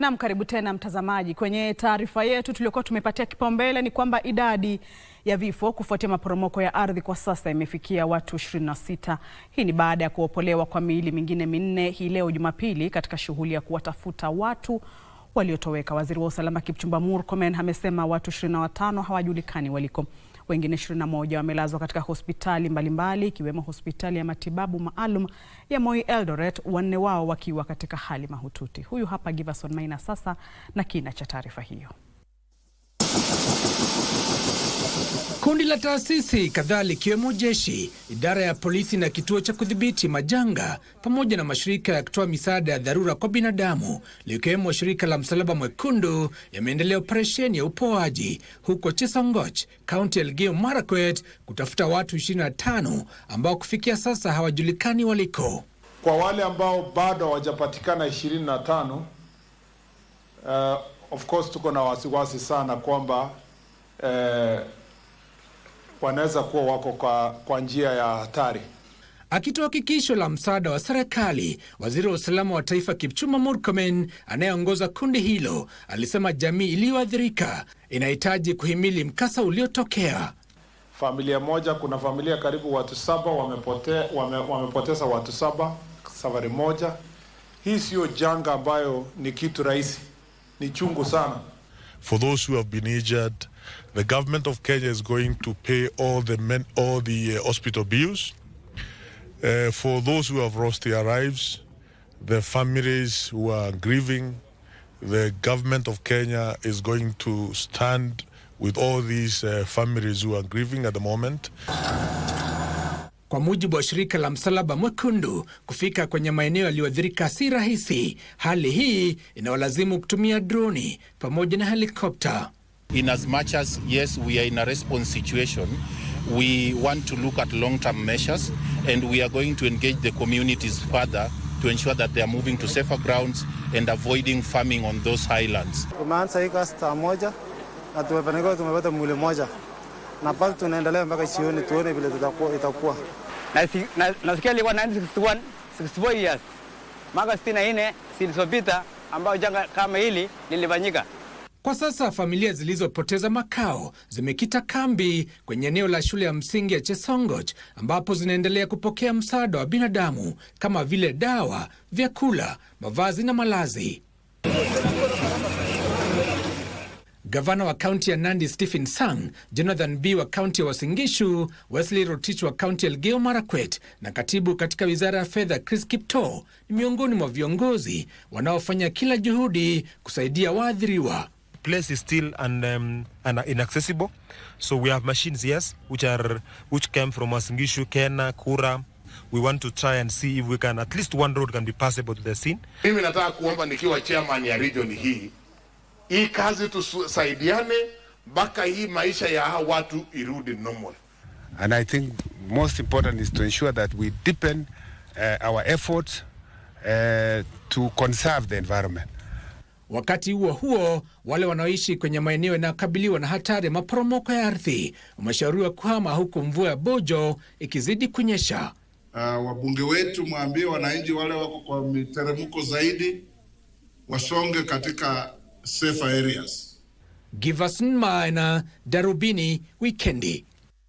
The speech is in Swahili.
Naam, karibu tena mtazamaji. Kwenye taarifa yetu tuliokuwa tumepatia kipaumbele ni kwamba idadi ya vifo kufuatia maporomoko ya ardhi kwa sasa imefikia watu 26. Hii ni baada ya kuopolewa kwa miili mingine minne hii leo Jumapili katika shughuli ya kuwatafuta watu waliotoweka. Waziri wa usalama Kipchumba Murkomen amesema watu 25 hawajulikani waliko. Wengine 21 wamelazwa katika hospitali mbalimbali ikiwemo hospitali ya matibabu maalum ya Moi Eldoret, wanne wao wakiwa katika hali mahututi. Huyu hapa Giverson Maina sasa na kina cha taarifa hiyo. Kundi la taasisi kadhaa likiwemo jeshi, idara ya polisi na kituo cha kudhibiti majanga pamoja na mashirika ya kutoa misaada ya dharura kwa binadamu likiwemo shirika la Msalaba Mwekundu yameendelea operesheni ya upoaji huko Chesongoch, kaunti ya Elgeyo Marakwet kutafuta watu 25 ambao kufikia sasa hawajulikani waliko. Kwa wale ambao bado hawajapatikana 25, uh, eh, of course tuko na wasiwasi sana kwamba uh, wanaweza kuwa wako kwa, kwa njia ya hatari. Akitoa hakikisho la msaada wa serikali, waziri wa usalama wa taifa Kipchumba Murkomen anayeongoza kundi hilo alisema jamii iliyoathirika inahitaji kuhimili mkasa uliotokea. Familia moja, kuna familia karibu watu saba wamepote, wame, wamepoteza watu saba safari moja. Hii siyo janga ambayo ni kitu rahisi, ni chungu sana. for those who have been injured. The government of Kenya is going to pay all the men, all the uh, hospital bills. Uh, for those who have lost their lives, the families who are grieving, the government of Kenya is going to stand with all these uh, families who are grieving at the moment. Kwa mujibu wa shirika la Msalaba Mwekundu, kufika kwenye maeneo yaliyoathirika si rahisi, hali hii inawalazimu kutumia droni pamoja na helikopta. In as much as yes we are in a response situation we want to look at long term measures and we are going to engage the communities further to ensure that they are moving to safer grounds and avoiding farming on those highlands. Tumeanza hii saa moja na tumefanikiwa tumepata mwili moja na bado tunaendelea mpaka jioni tuone vile itakuwa. Nasikia ilikuwa 1961 years mwaka 64 zilizopita, ambayo janga kama hili lilifanyika. Kwa sasa familia zilizopoteza makao zimekita kambi kwenye eneo la shule ya msingi ya Chesongoch ambapo zinaendelea kupokea msaada wa binadamu kama vile dawa, vyakula, mavazi na malazi. Gavana wa kaunti ya Nandi Stephen Sang, Jonathan B wa kaunti ya wasingishu Wesley Rotich wa kaunti ya lgeo Marakwet na katibu katika wizara ya fedha Chris kipto ni miongoni mwa viongozi wanaofanya kila juhudi kusaidia waathiriwa. place is still um, inaccessible so we have machines yes which are which came from Wasingishu Kena Kura we want to try and see if we can at least one road can be passable to the scene mimi nataka kuomba nikiwa chairman ya region hii hii kazi tusaidiane mpaka hii maisha ya hawa watu irudi normal. And I think most important is to ensure that we deepen uh, our efforts uh, to conserve the environment. Wakati huo huo, wale wanaoishi kwenye maeneo yanayokabiliwa na hatari ya maporomoko ya ardhi wameshauriwa kuhama huku mvua ya bojo ikizidi kunyesha. Uh, wabunge wetu mwambie wananchi wale wako kwa miteremko zaidi wasonge katika safer areas. Giverson Minor, uh, Darubini, Wikendi.